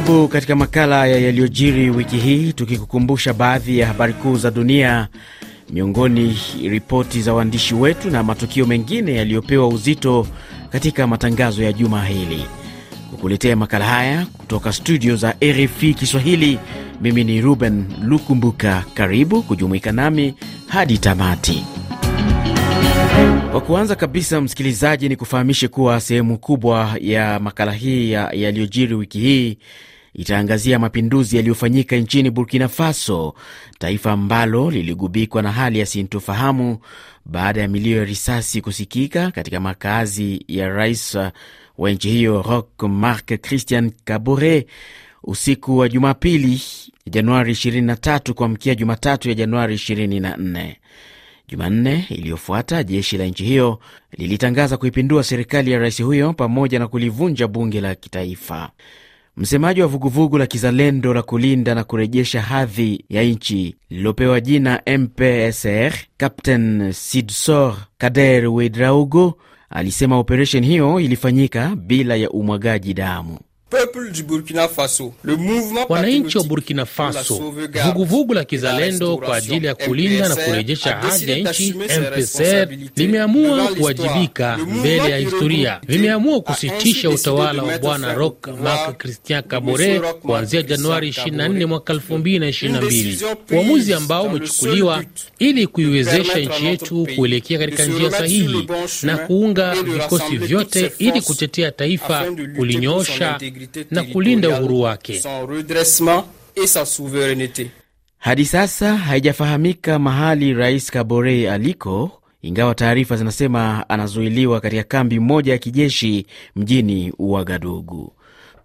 Karibu katika makala ya yaliyojiri wiki hii, tukikukumbusha baadhi ya habari kuu za dunia, miongoni ripoti za waandishi wetu na matukio mengine yaliyopewa uzito katika matangazo ya juma hili. Kukuletea makala haya kutoka studio za RFI Kiswahili, mimi ni Ruben Lukumbuka. Karibu kujumuika nami hadi tamati. Kwa kuanza kabisa, msikilizaji, ni kufahamishe kuwa sehemu kubwa ya makala hii yaliyojiri ya wiki hii itaangazia mapinduzi yaliyofanyika nchini Burkina Faso, taifa ambalo liligubikwa na hali ya sintofahamu baada ya milio ya risasi kusikika katika makazi ya rais wa nchi hiyo Roch Marc Christian Kabore usiku wa Jumapili Januari 23 kuamkia Jumatatu ya Januari 24. Jumanne iliyofuata jeshi la nchi hiyo lilitangaza kuipindua serikali ya rais huyo pamoja na kulivunja bunge la kitaifa. Msemaji wa vuguvugu la kizalendo la kulinda na kurejesha hadhi ya nchi lililopewa jina MPSR, Captain Sidsor Kader wedraugo alisema operesheni hiyo ilifanyika bila ya umwagaji damu. Wananchi wa Burkina Faso, vuguvugu la kizalendo kwa ajili ya kulinda na kurejesha hadhi ya nchi MPSR limeamua kuwajibika mbele ya historia. Vimeamua kusitisha utawala wa Bwana Roch Marc Christian Kabore kuanzia Januari 24 mwaka 2022, uamuzi ambao umechukuliwa ili kuiwezesha nchi yetu kuelekea katika njia sahihi na kuunga vikosi vyote ili kutetea taifa, kulinyoosha na kulinda uhuru wake. Hadi sasa haijafahamika mahali Rais Kabore aliko, ingawa taarifa zinasema anazuiliwa katika kambi moja ya kijeshi mjini Uagadugu.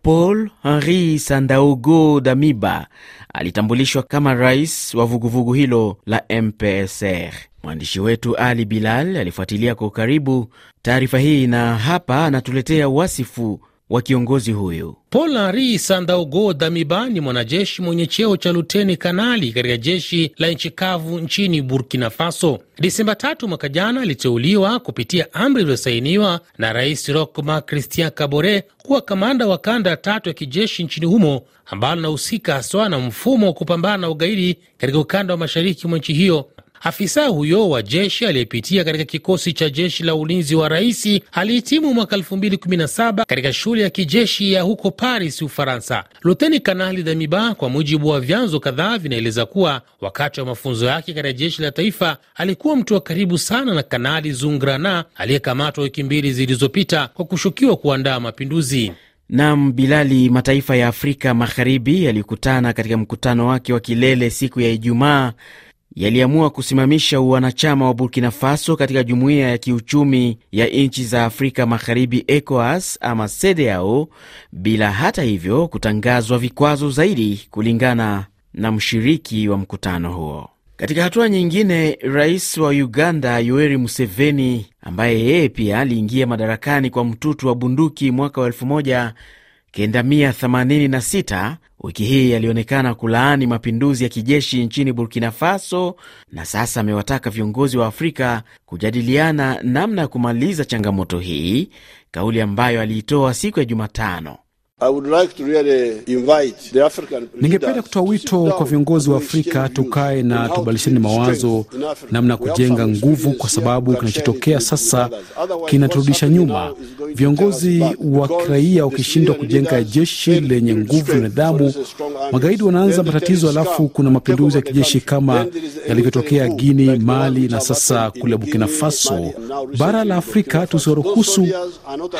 Paul Henri Sandaogo Damiba alitambulishwa kama rais wa vuguvugu hilo la MPSR. Mwandishi wetu Ali Bilal alifuatilia kwa ukaribu taarifa hii na hapa anatuletea wasifu wa kiongozi huyu. Paul Henri Sandaogo Damiba ni mwanajeshi mwenye cheo cha luteni kanali katika jeshi la nchi kavu nchini Burkina Faso. Disemba tatu mwaka jana aliteuliwa kupitia amri iliyosainiwa na Rais Roch Marc Christian Kabore kuwa kamanda wa kanda tatu ya kijeshi nchini humo ambalo linahusika haswa na mfumo wa kupambana na ugaidi katika ukanda wa mashariki mwa nchi hiyo. Afisa huyo wa jeshi aliyepitia katika kikosi cha jeshi la ulinzi wa rais alihitimu mwaka 2017 katika shule ya kijeshi ya huko Paris, Ufaransa. Luteni Kanali damiba kwa mujibu wa vyanzo kadhaa, vinaeleza kuwa wakati wa mafunzo yake katika jeshi la taifa alikuwa mtu wa karibu sana na Kanali Zungrana aliyekamatwa wiki mbili zilizopita kwa kushukiwa kuandaa mapinduzi. Nam Bilali, mataifa ya Afrika Magharibi yalikutana katika mkutano wake wa kilele siku ya Ijumaa yaliamua kusimamisha uwanachama wa Burkina Faso katika jumuiya ya kiuchumi ya nchi za Afrika Magharibi, ECOWAS ama CEDEAO, bila hata hivyo kutangazwa vikwazo zaidi, kulingana na mshiriki wa mkutano huo. Katika hatua nyingine, rais wa Uganda Yoweri Museveni, ambaye yeye pia aliingia madarakani kwa mtutu wa bunduki mwaka wa 1986 wiki hii alionekana kulaani mapinduzi ya kijeshi nchini Burkina Faso na sasa amewataka viongozi wa Afrika kujadiliana namna ya kumaliza changamoto hii, kauli ambayo aliitoa siku ya Jumatano ningependa kutoa wito kwa viongozi wa Afrika, tukae na tubadilishane mawazo namna ya kujenga nguvu, kwa sababu kinachotokea sasa kinaturudisha nyuma. Viongozi wa kiraia wakishindwa kujenga jeshi lenye nguvu na nidhamu, magaidi wanaanza matatizo, alafu kuna mapinduzi ya kijeshi kama yalivyotokea Guini, Mali na sasa kule Burkina Faso. Bara la Afrika tusiwaruhusu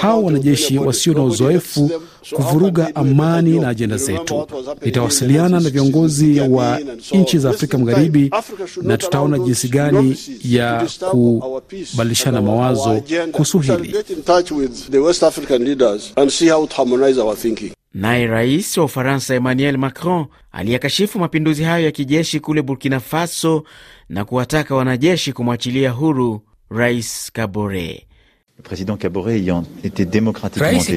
hawa wanajeshi wasio na uzoefu kuvuruga amani na ajenda zetu. Nitawasiliana na viongozi wa nchi za Afrika Magharibi na tutaona jinsi gani ya kubadilishana mawazo kuhusu hili. Naye rais wa Ufaransa Emmanuel Macron aliyekashifu mapinduzi hayo ya kijeshi kule Burkina Faso na kuwataka wanajeshi kumwachilia huru Rais Kabore. Président Rais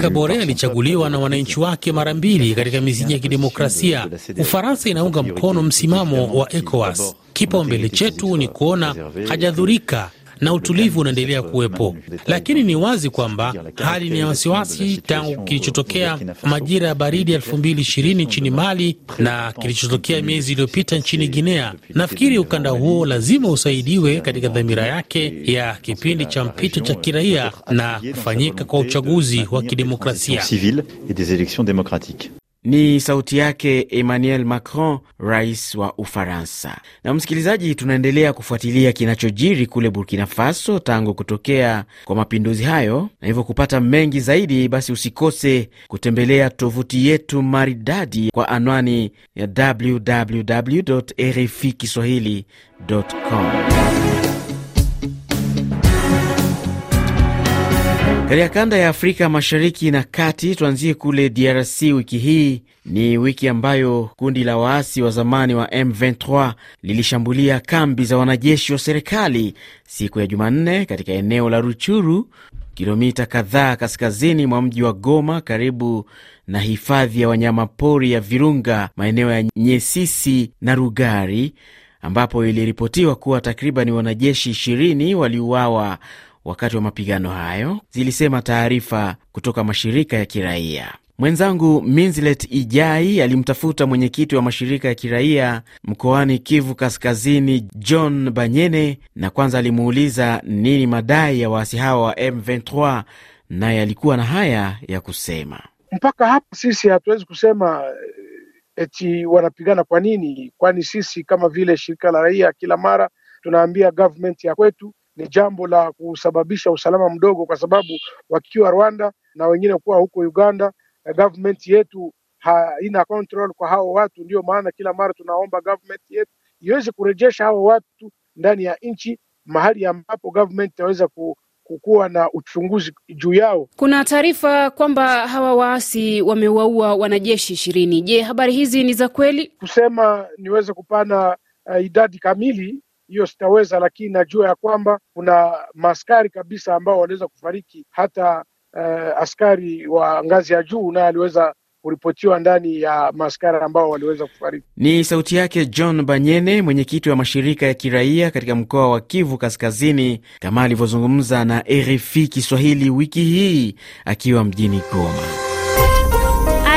Kabore alichaguliwa na wananchi wake mara mbili katika misingi ya kidemokrasia. Ufaransa inaunga mkono msimamo wa ECOWAS. Kipaumbele chetu ni kuona hajadhurika na utulivu unaendelea kuwepo, lakini ni wazi kwamba hali ni ya wasiwasi tangu kilichotokea majira ya baridi 2020 nchini Mali na kilichotokea miezi iliyopita nchini Guinea. Nafikiri ukanda huo lazima usaidiwe katika dhamira yake ya kipindi cha mpito cha kiraia na kufanyika kwa uchaguzi wa kidemokrasia. Ni sauti yake Emmanuel Macron, rais wa Ufaransa. Na msikilizaji, tunaendelea kufuatilia kinachojiri kule Burkina Faso tangu kutokea kwa mapinduzi hayo, na hivyo kupata mengi zaidi, basi usikose kutembelea tovuti yetu maridadi kwa anwani ya www RFI kiswahilicom Katika kanda ya Afrika mashariki na kati, tuanzie kule DRC. Wiki hii ni wiki ambayo kundi la waasi wa zamani wa M23 lilishambulia kambi za wanajeshi wa serikali siku ya Jumanne katika eneo la Ruchuru, kilomita kadhaa kaskazini mwa mji wa Goma, karibu na hifadhi ya wanyamapori ya Virunga, maeneo ya Nyesisi na Rugari, ambapo iliripotiwa kuwa takribani wanajeshi 20 waliuawa wakati wa mapigano hayo, zilisema taarifa kutoka mashirika ya kiraia. Mwenzangu Minzilet Ijai alimtafuta mwenyekiti wa mashirika ya kiraia mkoani Kivu Kaskazini, John Banyene, na kwanza alimuuliza nini madai ya waasi hawa wa M23, naye alikuwa na haya ya kusema. Mpaka hapa sisi hatuwezi kusema eh, eti wanapigana kwa nini, kwani sisi kama vile shirika la raia kila mara tunaambia government ya kwetu ni jambo la kusababisha usalama mdogo, kwa sababu wakiwa Rwanda na wengine kuwa huko Uganda, eh, government yetu haina control kwa hao watu. Ndio maana kila mara tunaomba government yetu iweze kurejesha hao watu ndani ya nchi, mahali ambapo government itaweza ku kukuwa na uchunguzi juu yao. Kuna taarifa kwamba hawa waasi wamewaua wanajeshi ishirini. Je, habari hizi ni za kweli? Kusema niweze kupana uh, idadi kamili hiyo sitaweza, lakini najua ya kwamba kuna maaskari kabisa ambao waliweza kufariki hata uh, askari wa ngazi ya juu naye aliweza kuripotiwa ndani ya maaskari ambao waliweza kufariki. Ni sauti yake John Banyene, mwenyekiti wa mashirika ya kiraia katika mkoa wa Kivu Kaskazini, kama alivyozungumza na RFI Kiswahili wiki hii akiwa mjini Goma.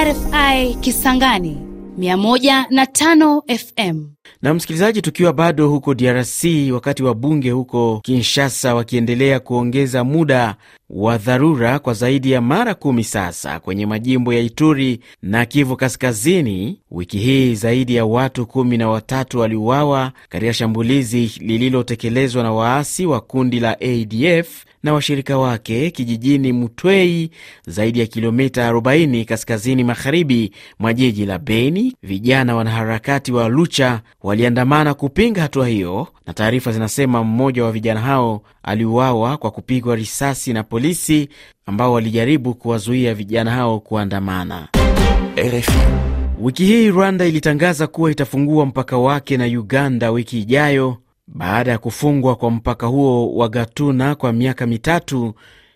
RFI Kisangani 105 FM. Na msikilizaji, tukiwa bado huko DRC, wakati wa bunge huko Kinshasa wakiendelea kuongeza muda wa dharura kwa zaidi ya mara kumi sasa kwenye majimbo ya Ituri na Kivu Kaskazini. Wiki hii zaidi ya watu kumi na watatu waliuawa katika shambulizi lililotekelezwa na waasi wa kundi la ADF na washirika wake kijijini Mutwei, zaidi ya kilomita 40 kaskazini magharibi mwa jiji la Beni. Vijana wanaharakati wa Lucha waliandamana kupinga hatua hiyo, na taarifa zinasema mmoja wa vijana hao aliuawa kwa kupigwa risasi na polisi ambao walijaribu kuwazuia vijana hao kuandamana. Wiki hii Rwanda ilitangaza kuwa itafungua mpaka wake na Uganda wiki ijayo baada ya kufungwa kwa mpaka huo wa Gatuna kwa miaka mitatu,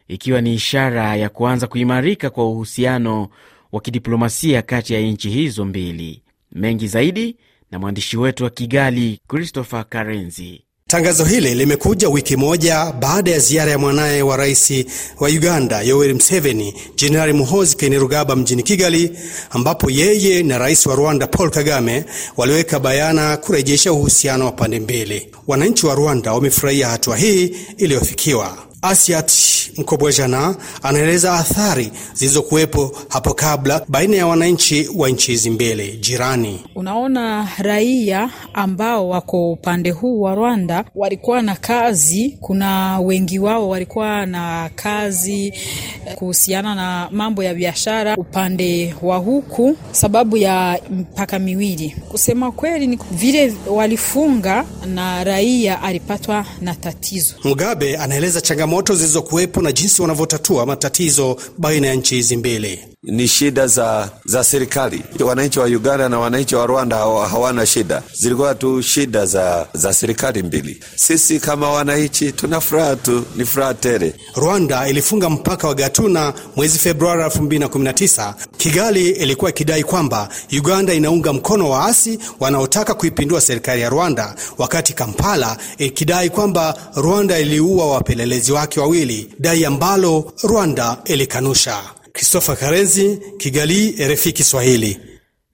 ikiwa ni ishara ya kuanza kuimarika kwa uhusiano wa kidiplomasia kati ya nchi hizo mbili. Mengi zaidi na mwandishi wetu wa Kigali, Christopher Karenzi. Tangazo hili limekuja wiki moja baada ya ziara ya mwanaye wa rais wa Uganda Yoweri Museveni, Jenerali Muhoozi Kainerugaba mjini Kigali, ambapo yeye na rais wa Rwanda Paul Kagame waliweka bayana kurejesha uhusiano wa pande mbili. Wananchi wa Rwanda wamefurahia hatua hii iliyofikiwa. Asiat Mkobwejana anaeleza athari zilizokuwepo hapo kabla baina ya wananchi wa nchi hizi mbili jirani. Unaona, raia ambao wako upande huu wa Rwanda walikuwa na kazi, kuna wengi wao walikuwa na kazi eh, kuhusiana na mambo ya biashara upande wa huku, sababu ya mpaka miwili. Kusema kweli, ni vile walifunga na raia alipatwa na tatizo. Mugabe anaeleza changamoto changamoto zilizokuwepo na jinsi wanavyotatua matatizo baina ya nchi hizi mbili ni shida za, za serikali. Wananchi wa Uganda na wananchi wa Rwanda hawana shida, zilikuwa tu shida za, za serikali mbili. Sisi kama wananchi tuna furaha tu, ni furaha tele. Rwanda ilifunga mpaka wa Gatuna mwezi Februari 2019. Kigali ilikuwa ikidai kwamba Uganda inaunga mkono waasi wanaotaka kuipindua serikali ya Rwanda, wakati Kampala ikidai kwamba Rwanda iliua wapelelezi wake wawili, dai ambalo Rwanda ilikanusha. Christopher Karenzi, Kigali, RFI Kiswahili.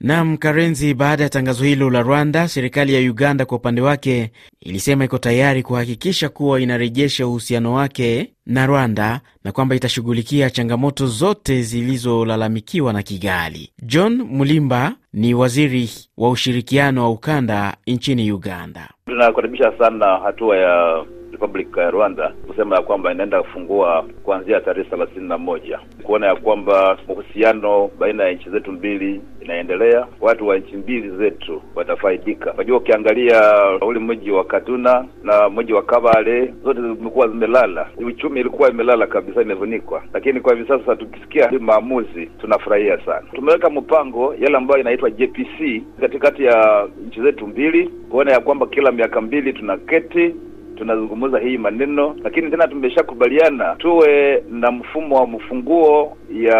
Nam Karenzi, baada ya tangazo hilo la Rwanda, serikali ya Uganda kwa upande wake ilisema iko tayari kuhakikisha kuwa inarejesha uhusiano wake na Rwanda na kwamba itashughulikia changamoto zote zilizolalamikiwa na Kigali. John Mulimba ni waziri wa ushirikiano wa ukanda nchini Uganda. Tunakaribisha sana hatua ya Republic ya Rwanda kusema ya kwamba inaenda kufungua kuanzia tarehe thelathini na moja kuona ya kwamba uhusiano baina ya nchi zetu mbili inaendelea, watu wa nchi mbili zetu watafaidika. Unajua, ukiangalia ule mji wa Katuna na mji wa Kabale zote zimekuwa zimelala, uchumi ilikuwa imelala kabisa, imevunikwa, lakini kwa hivi sasa tukisikia maamuzi tunafurahia sana. Tumeweka mpango yale ambayo inaitwa JPC katikati ya nchi zetu mbili kuona ya kwamba kila miaka mbili tunaketi tunazungumza hii maneno, lakini tena tumeshakubaliana tuwe na mfumo wa mfunguo ya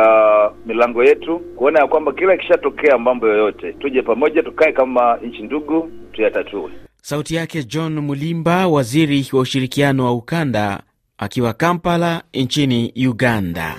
milango yetu, kuona ya kwamba kila ikishatokea mambo yoyote, tuje pamoja, tukae kama nchi ndugu, tuyatatue. Sauti yake John Mulimba, waziri wa ushirikiano wa ukanda akiwa Kampala nchini Uganda.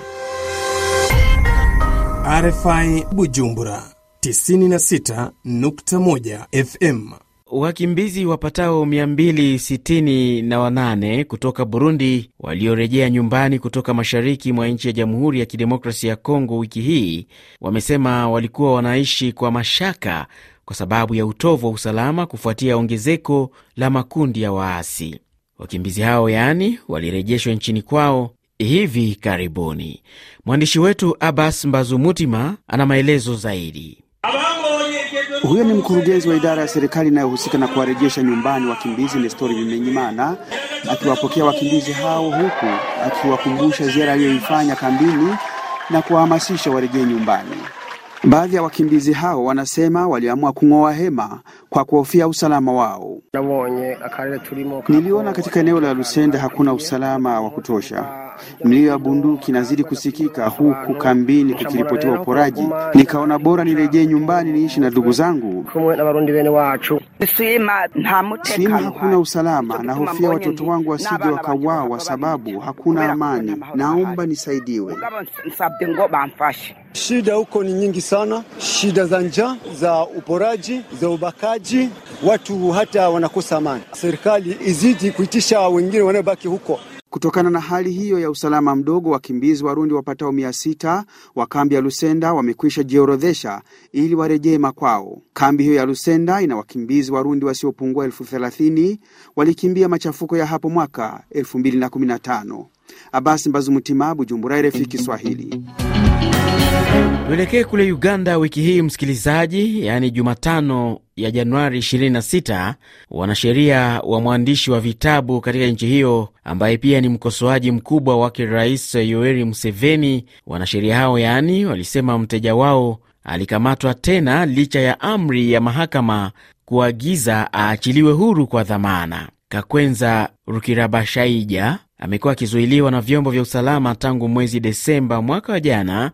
RFI Bujumbura 96.1 FM. Wakimbizi wapatao 268 kutoka Burundi waliorejea nyumbani kutoka mashariki mwa nchi ya Jamhuri ya Kidemokrasia ya Kongo wiki hii wamesema walikuwa wanaishi kwa mashaka kwa sababu ya utovu wa usalama kufuatia ongezeko la makundi ya waasi. Wakimbizi hao yaani walirejeshwa nchini kwao hivi karibuni. Mwandishi wetu Abbas Mbazumutima ana maelezo zaidi Abamo. Huyo ni mkurugenzi wa idara ya serikali inayohusika na kuwarejesha nyumbani wakimbizi Nestori vimenyimana akiwapokea wakimbizi hao huku akiwakumbusha ziara aliyoifanya kambini na kuwahamasisha warejee nyumbani. Baadhi ya wakimbizi hao wanasema waliamua kung'oa hema kwa kuhofia usalama wao. Niliona katika eneo la lusende hakuna usalama wa kutosha mlio ya bunduki nazidi kusikika huku kambini kukiripotiwa uporaji. Nikaona bora nirejee nyumbani niishi na ndugu zangu. Sima hakuna usalama, nahofia watoto wangu wasije wakauawa, sababu hakuna amani. Naomba nisaidiwe. Shida huko ni nyingi sana, shida za njaa, za uporaji, za ubakaji, watu hata wanakosa amani. Serikali izidi kuitisha wengine wanaobaki huko Kutokana na hali hiyo ya usalama mdogo, wakimbizi Warundi wapatao mia sita wa kambi ya Lusenda wamekwisha jiorodhesha ili warejee makwao. Kambi hiyo ya Lusenda ina wakimbizi Warundi wasiopungua elfu thelathini walikimbia machafuko ya hapo mwaka tano. Abasi Mbazumutimabu, Bujumbura, RFI Kiswahili. Tuelekee kule Uganda wiki hii msikilizaji, yaani Jumatano ya Januari 26, wanasheria wa mwandishi wa vitabu katika nchi hiyo ambaye pia ni mkosoaji mkubwa wake Rais Yoweri Museveni, wanasheria hao yaani walisema mteja wao alikamatwa tena licha ya amri ya mahakama kuagiza aachiliwe huru kwa dhamana. Kakwenza Rukirabashaija amekuwa akizuiliwa na vyombo vya usalama tangu mwezi Desemba mwaka wa jana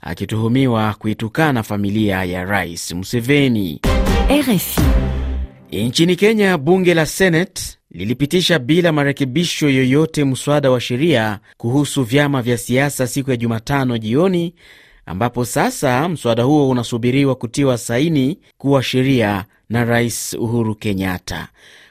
akituhumiwa kuitukana familia ya Rais Museveni. RFI. Nchini Kenya, bunge la Senate lilipitisha bila marekebisho yoyote mswada wa sheria kuhusu vyama vya siasa siku ya Jumatano jioni, ambapo sasa mswada huo unasubiriwa kutiwa saini kuwa sheria na Rais Uhuru Kenyatta.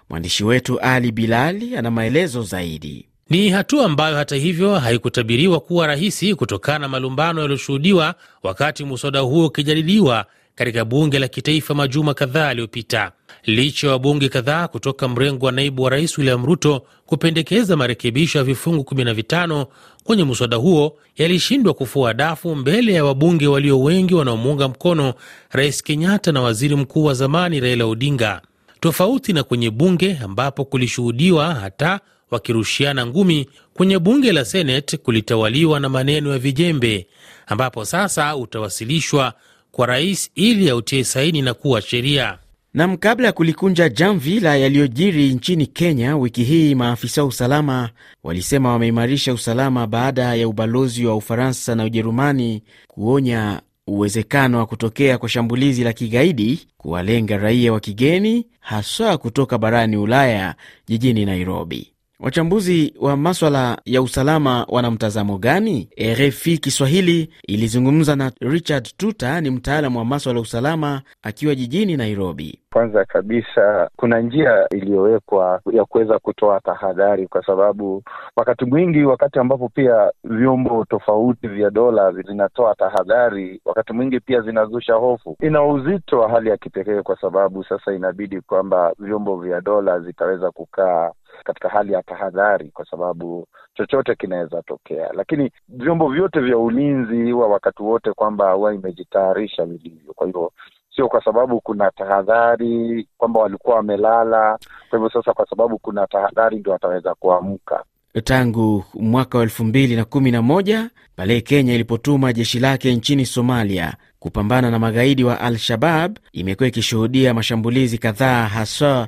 Mwandishi wetu Ali Bilali ana maelezo zaidi. Ni hatua ambayo hata hivyo haikutabiriwa kuwa rahisi kutokana na malumbano yaliyoshuhudiwa wakati muswada huo ukijadiliwa katika bunge la kitaifa majuma kadhaa yaliyopita, licha ya wabunge kadhaa kutoka mrengo wa naibu wa rais William Ruto kupendekeza marekebisho ya vifungu 15 kwenye muswada huo, yalishindwa kufua dafu mbele ya wabunge walio wengi wanaomuunga mkono Rais Kenyatta na waziri mkuu wa zamani Raila Odinga, tofauti na kwenye bunge ambapo kulishuhudiwa hata wakirushiana ngumi kwenye bunge la Senate kulitawaliwa na maneno ya vijembe, ambapo sasa utawasilishwa kwa rais ili autie saini na kuwa sheria. Nam, kabla ya kulikunja jamvi la yaliyojiri nchini Kenya wiki hii, maafisa wa usalama walisema wameimarisha usalama baada ya ubalozi wa Ufaransa na Ujerumani kuonya uwezekano wa kutokea kwa shambulizi la kigaidi kuwalenga raia wa kigeni haswa kutoka barani Ulaya jijini Nairobi. Wachambuzi wa maswala ya usalama wana mtazamo gani? RFI Kiswahili ilizungumza na Richard Tuta, ni mtaalamu wa maswala ya usalama akiwa jijini Nairobi. Kwanza kabisa kuna njia iliyowekwa ya kuweza kutoa tahadhari, kwa sababu wakati mwingi, wakati ambapo pia vyombo tofauti vya dola zinatoa tahadhari, wakati mwingi pia zinazusha hofu. Ina uzito wa hali ya kipekee, kwa sababu sasa inabidi kwamba vyombo vya dola zitaweza kukaa katika hali ya tahadhari, kwa sababu chochote kinaweza tokea, lakini vyombo vyote vya ulinzi huwa wakati wote kwamba huwa imejitayarisha vilivyo. Kwa hivyo sio kwa sababu kuna tahadhari kwamba walikuwa wamelala. Kwa hivyo sasa, kwa sababu kuna tahadhari ndio wataweza kuamka. Tangu mwaka wa elfu mbili na kumi na moja pale Kenya ilipotuma jeshi lake nchini Somalia kupambana na magaidi wa Al-Shabab, imekuwa ikishuhudia mashambulizi kadhaa haswa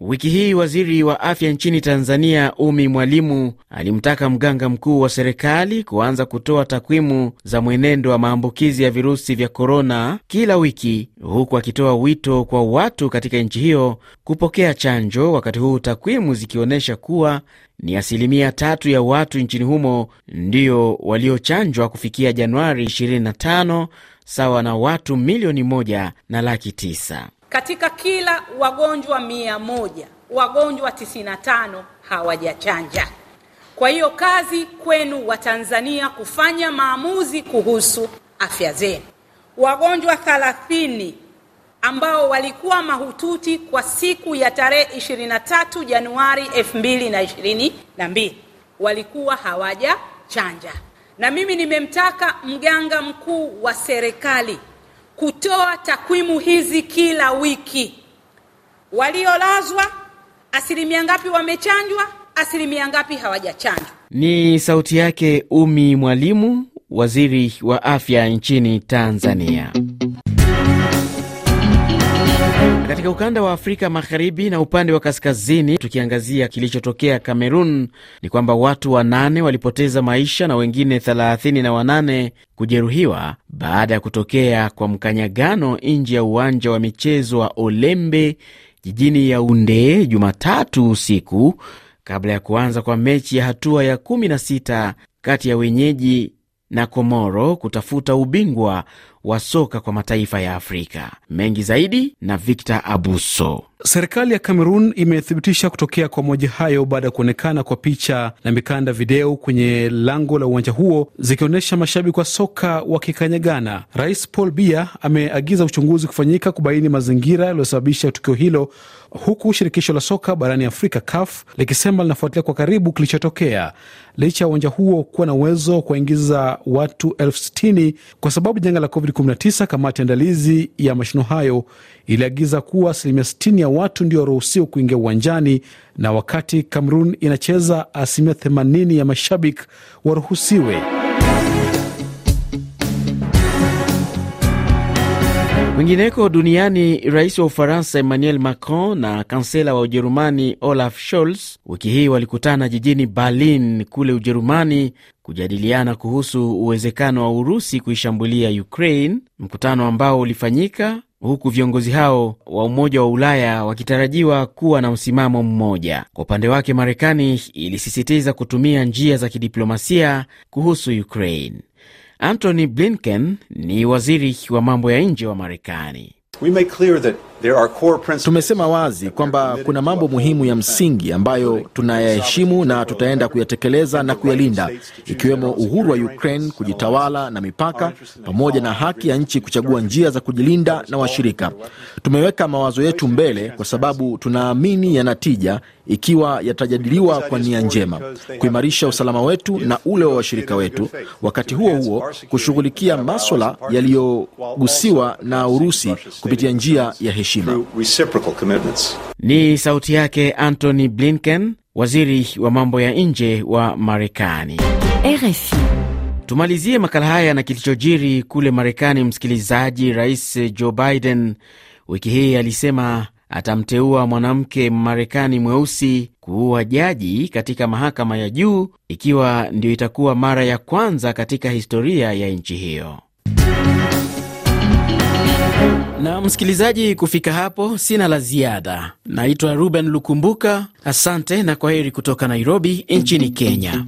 Wiki hii waziri wa afya nchini Tanzania Umi Mwalimu alimtaka mganga mkuu wa serikali kuanza kutoa takwimu za mwenendo wa maambukizi ya virusi vya korona kila wiki, huku akitoa wito kwa watu katika nchi hiyo kupokea chanjo, wakati huu takwimu zikionyesha kuwa ni asilimia tatu ya watu nchini humo ndio waliochanjwa kufikia Januari 25 sawa na watu milioni moja na laki tisa katika kila wagonjwa mia moja wagonjwa 95 hawajachanja. Kwa hiyo kazi kwenu Watanzania kufanya maamuzi kuhusu afya zenu. Wagonjwa 30 ambao walikuwa mahututi kwa siku ya tarehe 23 Januari 2022 walikuwa hawajachanja, na mimi nimemtaka mganga mkuu wa serikali kutoa takwimu hizi kila wiki. Waliolazwa asilimia ngapi wamechanjwa, asilimia ngapi hawajachanjwa? Ni sauti yake Umi Mwalimu, waziri wa afya nchini Tanzania. Katika ukanda wa Afrika Magharibi na upande wa kaskazini, tukiangazia kilichotokea Kamerun, ni kwamba watu wanane walipoteza maisha na wengine 38 kujeruhiwa baada ya kutokea kwa mkanyagano nje ya uwanja wa michezo wa Olembe jijini Yaounde Jumatatu usiku kabla ya kuanza kwa mechi ya hatua ya 16 kati ya wenyeji na Komoro kutafuta ubingwa wa soka kwa mataifa ya Afrika. Mengi zaidi na Victor Abuso. Serikali ya Kamerun imethibitisha kutokea kwa moja hayo baada ya kuonekana kwa picha na mikanda video kwenye lango la uwanja huo zikionyesha mashabiki wa soka wakikanyagana. Rais Paul Biya ameagiza uchunguzi kufanyika kubaini mazingira yaliyosababisha tukio hilo huku shirikisho la soka barani Afrika CAF likisema linafuatilia kwa karibu kilichotokea, licha ya uwanja huo kuwa na uwezo wa kuwaingiza watu elfu sitini kwa sababu janga la COVID-19. Kamati andalizi ya mashindano hayo iliagiza kuwa asilimia 60 ya watu ndio waruhusiwa kuingia uwanjani, na wakati Cameroon inacheza asilimia 80 ya mashabiki waruhusiwe Kwingineko duniani, rais wa Ufaransa Emmanuel Macron na kansela wa Ujerumani Olaf Scholz wiki hii walikutana jijini Berlin kule Ujerumani kujadiliana kuhusu uwezekano wa Urusi kuishambulia Ukraine, mkutano ambao ulifanyika huku viongozi hao wa Umoja wa Ulaya wakitarajiwa kuwa na msimamo mmoja. Kwa upande wake, Marekani ilisisitiza kutumia njia za kidiplomasia kuhusu Ukraine. Antony Blinken ni waziri wa mambo ya nje wa Marekani. We make clear that Tumesema wazi kwamba kuna mambo muhimu ya msingi ambayo tunayaheshimu na tutaenda kuyatekeleza na kuyalinda, ikiwemo uhuru wa Ukraine kujitawala na mipaka, pamoja na haki ya nchi kuchagua njia za kujilinda na washirika. Tumeweka mawazo yetu mbele kwa sababu tunaamini yana tija ikiwa yatajadiliwa kwa nia njema, kuimarisha usalama wetu na ule wa washirika wetu, wakati huo huo kushughulikia maswala yaliyogusiwa na Urusi kupitia njia ya heshima heshima. Ni sauti yake Antony Blinken, waziri wa mambo ya nje wa Marekani. RFI. Tumalizie makala haya na kilichojiri kule Marekani, msikilizaji. Rais Joe Biden wiki hii alisema atamteua mwanamke Marekani mweusi kuwa jaji katika mahakama ya juu, ikiwa ndio itakuwa mara ya kwanza katika historia ya nchi hiyo. Na msikilizaji, kufika hapo sina la ziada. Naitwa Ruben Lukumbuka, asante na kwa heri kutoka Nairobi nchini Kenya.